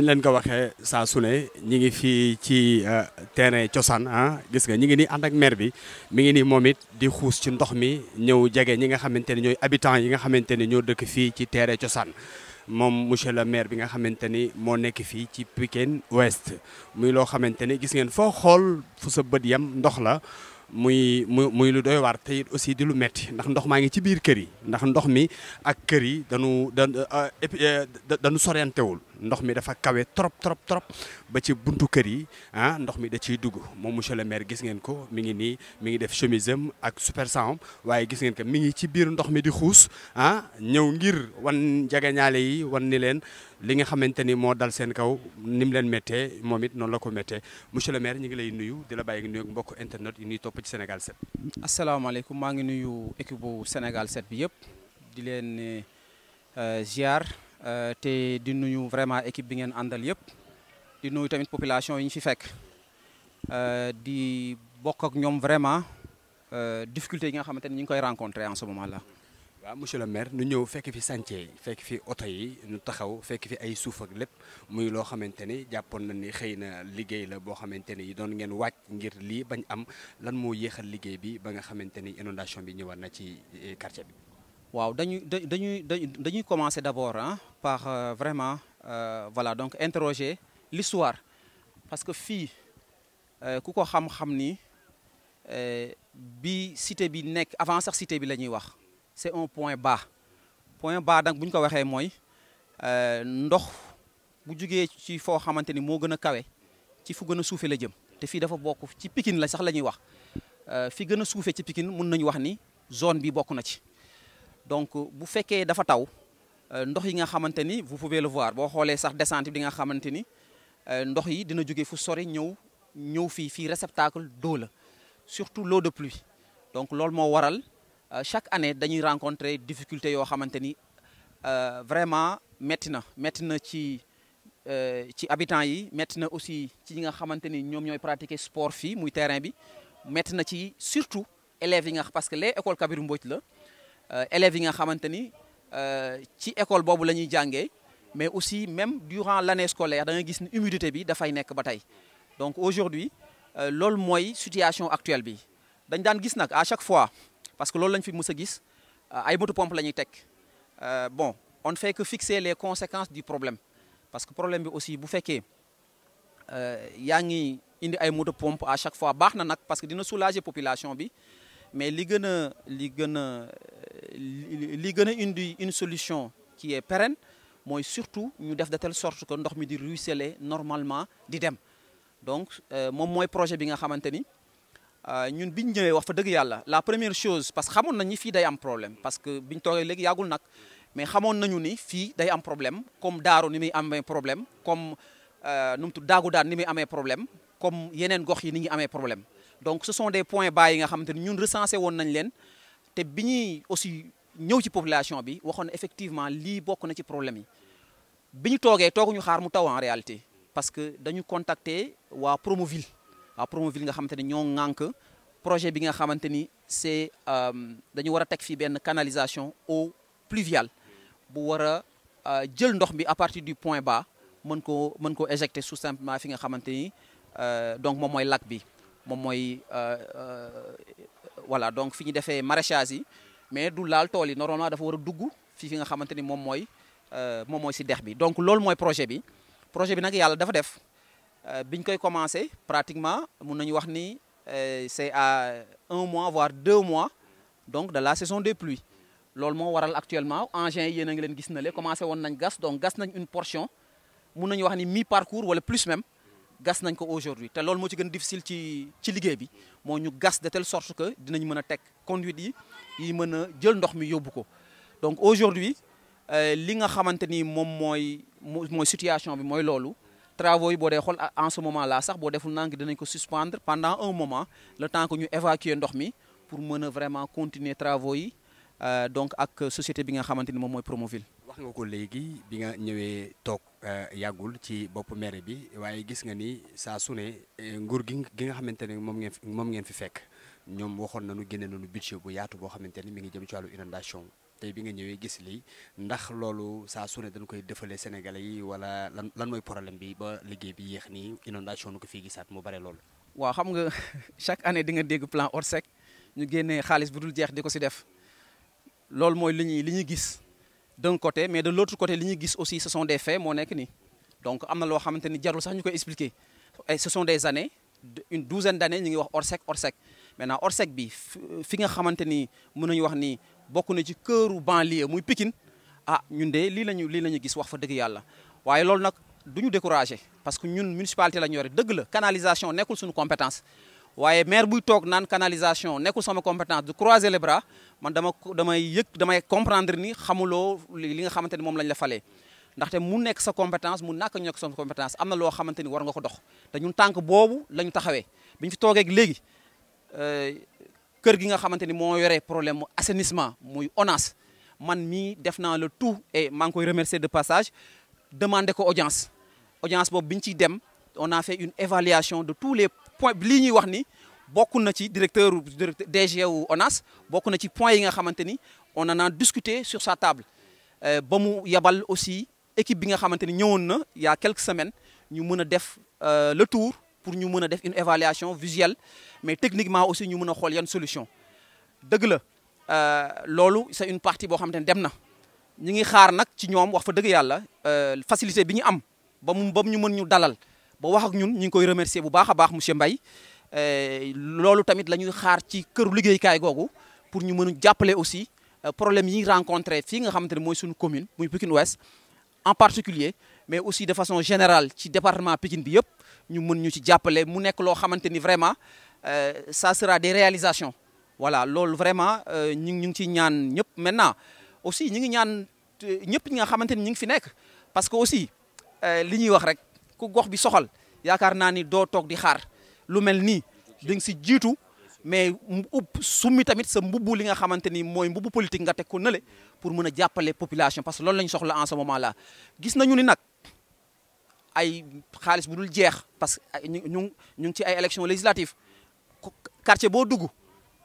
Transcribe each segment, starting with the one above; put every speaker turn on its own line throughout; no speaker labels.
ni leen ko waxee saa su ne ñi ngi fii ci euh, terrain cosaan ah gis nga ñi ngi ni ànd ak maire bi mi ngi nii moom it di xuus ci ndox mi ñëw jege ñi nga xamante ni ñooy habitants yi nga xamante ni ñoo dëkk fii ci terrain cosaan moom monsieur le maire bi nga xamante ni moo nekk fii ci Pikine Ouest muy loo xamante ni gis ngeen foo xool fu sa bët yam ndox la muy muy muy lu doy waar te aussi di lu metti ndax ndox maa ngi ci biir kër yi ndax ndox mi ak kër yi dañu euh, euh, da dañu sorentewul ndox mi dafa kawe trop trop trop ba ci buntu kër yi ah ndox mi da ciy dugg moom monsieur le maire gis ngeen ko mi ngi nii mi ngi def chemise ak super sang waaye gis ngeen ko mi ngi ci biir ndox mi di xuus ah ñëw ngir wan jagañaale yi wan ni leen li nga xamante ni moo dal seen kaw ni mu leen méttee moom it noonu la ko méttee monsieur le maire ñu ngi lay nuyu di la bàyyi nuyu mbokk internet yi nuy topp ci Sénégal 7.
asalaamaaleykum maa ngi nuyu équipe bu Sénégal 7 yëpp di leen eh, ziar. Euh, te di nuyu vraiment équipe bi ngeen àndal yëpp di nuyu tamit population yi ñu fi fekk euh, di bokk ak ñoom vraiment euh, difficulté yi nga xamante ni ñu ngi koy rencontrer
en ce moment là. waaw monsieur le maire nu ñëw fekk fi chantier yi fekk fi oto yi ñu taxaw fekk fi ay suuf ak lépp muy loo xamante ni jàppoon na ni xëy na liggéey la boo xamante ni doon ngeen wàcc ngir lii bañ am lan moo yéexal liggéey bi ba nga xamante ni inondation bi ñëwaan na ci quartier bi. waaw dañuy dañuy dañuy commencer d'abord ah par euh,
vraiment euh, voilà donc interroger l'histoire parce que fii euh, ku ko xam-xam ni bi cité bi nekk avant sax cité bi la ñuy wax c'est un point bas point bas donc bu ko waxee mooy ndox bu jugee ci foo xamante ni moo gën a kawe ci fu gën a suufe la jëm te fii dafa bokk ci Pikine la sax la ñuy wax fi gën a suufe ci Pikine mën nañu wax ni zone bi bokk na ci donc bu fekkee dafa taw euh, ndox yi nga xamante ni vous pouvez le voir boo xoolee sax descente bi di nga xamante ni euh, ndox yi dina jóge fu sori ñëw ñëw fii fii réceptacle d'eau la surtout l'eau de pluie donc loolu moo waral euh, chaque année dañuy rencontrer difficulté yoo xamante ni vraiment métti na métti na ci ci habitants yi métti na aussi ci ñi nga xamante ni ñoom ñooy pratiquer sport fi muy terrain bi métti na ci surtout élèves yi nga parce que les école Kabir Mbodj la Euh, élèves yi nga xamante ni euh, ci école boobu la ñuy jàngee mais aussi même durant l' année scolaire da nga gis ni humidité bi dafay nekk ba tey donc aujourd'hui euh, loolu mooy situation actuelle bi dañ daan gis nag à chaque fois parce que loolu lañ fi mës a gis ay moto pompe la ñuy teg bon on fekk fixe que fixer les conséquences du problème parce que problème bi aussi bu fekkee yaa ngi indi ay moto pompe à chaque fois baax na nag parce que dina soulager population bi mais li gën a gën a li gën a indi une solution qui est pérenne mooy surtout ñu def de telle sorte que ndox mi di ruisseler normalement di dem donc euh, moom mooy projet bi nga xamante ni euh, ñun biñ ñëwee wax fa dëgg yàlla la première chose parce que xamoon nañ fii day am problème que biñ toogee léegi yàggul nag mais xamoon nañu ni fii day am problème comme daaru ni muy amee problème comme euh, nu mu tudd daagu daan ni muy amee problème comme yeneen gox yi ni ñu amee problème donc ce sont des points bas yi nga xamante ñun recensé woon nañ leen te bi ñuy aussi ñëw ci population bi waxoon na effectivement lii bokk na ci problème yi bi ñu toogee tooguñu xaar mu taw en réalité parce que dañu contacter waa Promoville waa Promoville nga xamante ne ñoo ŋànk projet bi nga xamante ni c'est euh, dañu war a teg fii benn canalisation eau pluviale bu war a euh, jël ndox mi à partir du point ba mën ko mën koo éjecter tout simplement fi nga xamante ni euh, donc moom mooy lac bi moom mooy voilà donc fi ñu defee maraîchage yi mais du laal tool yi normalement dafa war a dugg fii fi nga xamante ni moom mooy euh, moom mooy si dex bi donc loolu mooy projet bi projet bi nag yàlla dafa def euh, biñ koy commencé pratiquement mun nañu wax ni euh, c'est à un mois voire deux mois donc de la saison des pluies loolu moo waral actuellement engins yi yéen a ngi leen gis na le commencé woon nañ gas donc gas nañ une portion mun nañu wax ni mi parcours wala plus même gas nañ ko aujourd'hui te loolu moo ci gën difficile ci ci liggéey bi moo ñu gas de telle sorte que dinañ mën a teg conduite yi yi mën a jël ndox mi yóbbu ko donc aujourd'hui euh, li nga xamante ni moom mooy mooy situation bi mooy loolu travaux yi boo dee xool ah, en ce moment là sax boo deful nank dinañ ko suspendre pendant un moment le temps que ñu évacuer ndox mi pour mën a vraiment continuer travaux yi
euh, donc ak société bi nga xamante ni moom mooy Promoville nga ko léegi bi nga ñëwee toog euh, yàggul ci bopp maire bi waaye gis nga ni saa su ne euh, nguur gi gi nga xamante ne moom ngeen moom ngeen fi fekk ñoom waxoon nu génne nañu budget bu yaatu boo xamante ni mi ngi jëm ci wàllu inondation tey bi nga ñëwee gis li ndax loolu saa su ne dañ koy defalee Sénégalais yi wala lan lan mooy problème bi ba liggéey bi yéex nii inondation nu ko fii gisaat mu bare lool
waaw xam nga chaque année di nga dégg plan Orsec ñu génnee xaalis bu dul jeex di ko si def gis. d'un côté mais de l'autre côté li ñu gis aussi ce sont des faits moo nekk nii donc am na loo xamante ni jarul sax ñu koy expliquer et ce des années une douzaine d'années ñu ngi wax Orsec Orsec maintenant Orsec bi fi nga xamante ni mën nañu wax ni bokk na ci këru banlier muy Pikine ah ñun de lii lañu lii la ñu gis wax fa dëgg yàlla waaye loolu nag du ñu découragé parce que ñun municipalité la ñu yore dëgg la canalisation nekkul suñu compétence waaye maire buy toog naan canalisation nekkul sama compétence du croiser les bra man dama damay yëg damay comprendre ni xamuloo li nga xamante ni moom lañ la fale ndaxte mu nekk sa compétence mu nàkk ñu nekk sa compétence am na loo xamante ni war nga ko dox te ñun tànk boobu la ñu taxawee bi ñu toogeeg léegi euh, kër gi nga xamante ni moo yore problème mu assainissement muy ONAS man mii def naa le tout et maa koy remercier de passage demander ko audience audience boobu bi ciy dem on une évaluation de tous les point lii ñuy wax ni bokk na ci directeur DG wu ONAS bokk na ci point yi nga xamante ni on a discuté sur sa table euh, ba mu yebal aussi équipe bi nga xamante ni ñëwoon na il quelque a semaines ñu mën a def euh, le tour pour ñu mën a def une évaluation visuelle mais techniquement aussi ñu mën a xool yan solution dëgg la euh, loolu c'est une partie boo xamante ni dem na ñu ngi xaar nag ci ñoom wax fa dëgg yàlla facilité bi ñu am ba mu ba ñu mën ñu dalal ba wax ak ñun ñu ngi koy remercier bu baax a baax monsieur Mbaye euh, loolu tamit la ñuy xaar ci këru liggéeykaay googu pour ñu mën a jàppale aussi euh, problème yi rencontré fii nga xamante ne mooy suñu commune muy Pikine Ouest en particulier mais aussi de façon général ci département Pikine bi yëpp ñu mën ñu ci jàppale mu nekk loo xamante ni vraiment euh, ça sera des réalisations voilà loolu vraiment ñu ngi ñu ngi ciy ñaan ñëpp maintenant aussi ñu ngi ñaan ñëpp ñi nga xamante ni ñu ngi fi nekk parce que aussi li ñuy wax rek ku gox bi soxal yaakaar naa ni doo toog di xaar lu mel nii di nga si jiitu mais ub summi tamit sa mbubbu li nga xamante ni mooy mbubu politique nga teg ko nële pour mun a jàppale population parce que loolu lañ soxla en ce moment là gis nañu ni nag ay xaalis bu dul jeex parce que ñu ñu ngi ci ay élection législative quartier boo dugg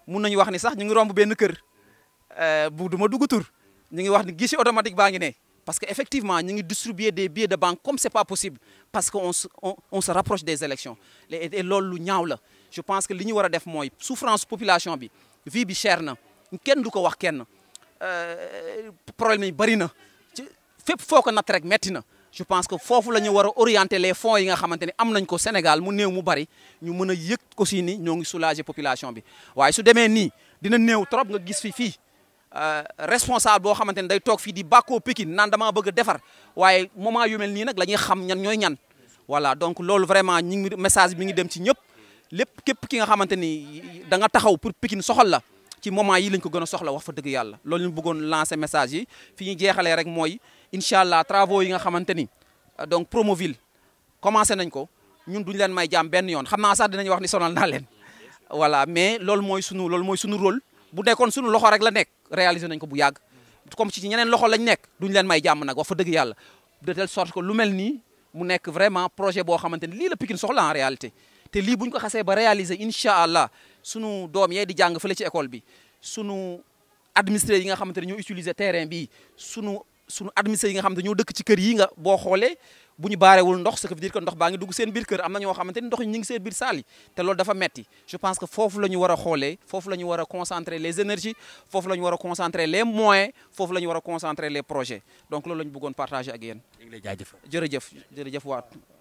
mun nañu wax ni sax ñu ngi romb benn kër euh, bu du ma dugg tur ñu ngi wax ni guichet automatique baa ngi ne Parce que nous distribuons des billets de banque comme ce n'est pas possible, parce qu'on se, on, on se rapproche des élections. Et c'est la Je pense que ce qu'on doit faire, c'est souffrance population, la vie est na personne du peut pas dire euh, le problème est beaucoup. Fépp foo ko rek metti na je pense que foofu la ñu war a orienter les fonds yi nga xamante ne am nañ ko Sénégal mu néew mu bari ñu mën a yëg aussi ni ñoo ngi soulager population bi waaye su demee nii dina néew trop nga gis fi fii Euh, responsable boo xamante ne day toog fii di bàkkoo pikin naan damaa bëgg defar waaye moment yu mel nii nag la ñuy xam ñan ñooy ñan voilà donc loolu vraiment ñu ngi message bi mi ngi dem ci ñëpp lépp képp ki nga xamante ni da nga taxaw pour Pikine soxal la ci moment yi lañ ko gën a soxla wax fa dëgg yàlla loolu ñu bëggoon lancer message yi fi ñu jeexalee rek mooy incha allah travaux yi nga xamante ni euh, donc Promoville commencé nañ ko ñun duñu leen may jaam benn yoon xam naa sax dinañ wax ni sonal naa leen voilà mais loolu mooy sunu loolu mooy sunu rôle bu nekkoon sunu loxo rek la nekk réalisé nañ ko bu yàgg comme ci ñeneen loxo lañ nekk duñ leen may jàmm nag wax dëgg yàlla de telle sorte que lu mel mu nekk vraiment projet boo xamante lii la Pikine soxla en réalité te lii buñ ko xasee réaliser incha sunu doom yee di jàng fële ci école bi sunu administré yi nga xamante ne ñoo utiliser terrain bi sunu sunu yi nga xamante dëkk ci kër yi boo xoolee bu ñu baarewul ndox ce qui dire que ndox baa ngi dugg seen biir kër am na ñoo xamante ni ndox ñi ngi seen biir saal yi te loolu dafa metti je pense que foofu la ñu war a xoolee foofu la ñu war a concentrer les énergies foofu la ñu war a concentrer les moyens foofu la ñu war a concentrer les projets donc loolu la ñu bëggoon partager ak jërëjëf waat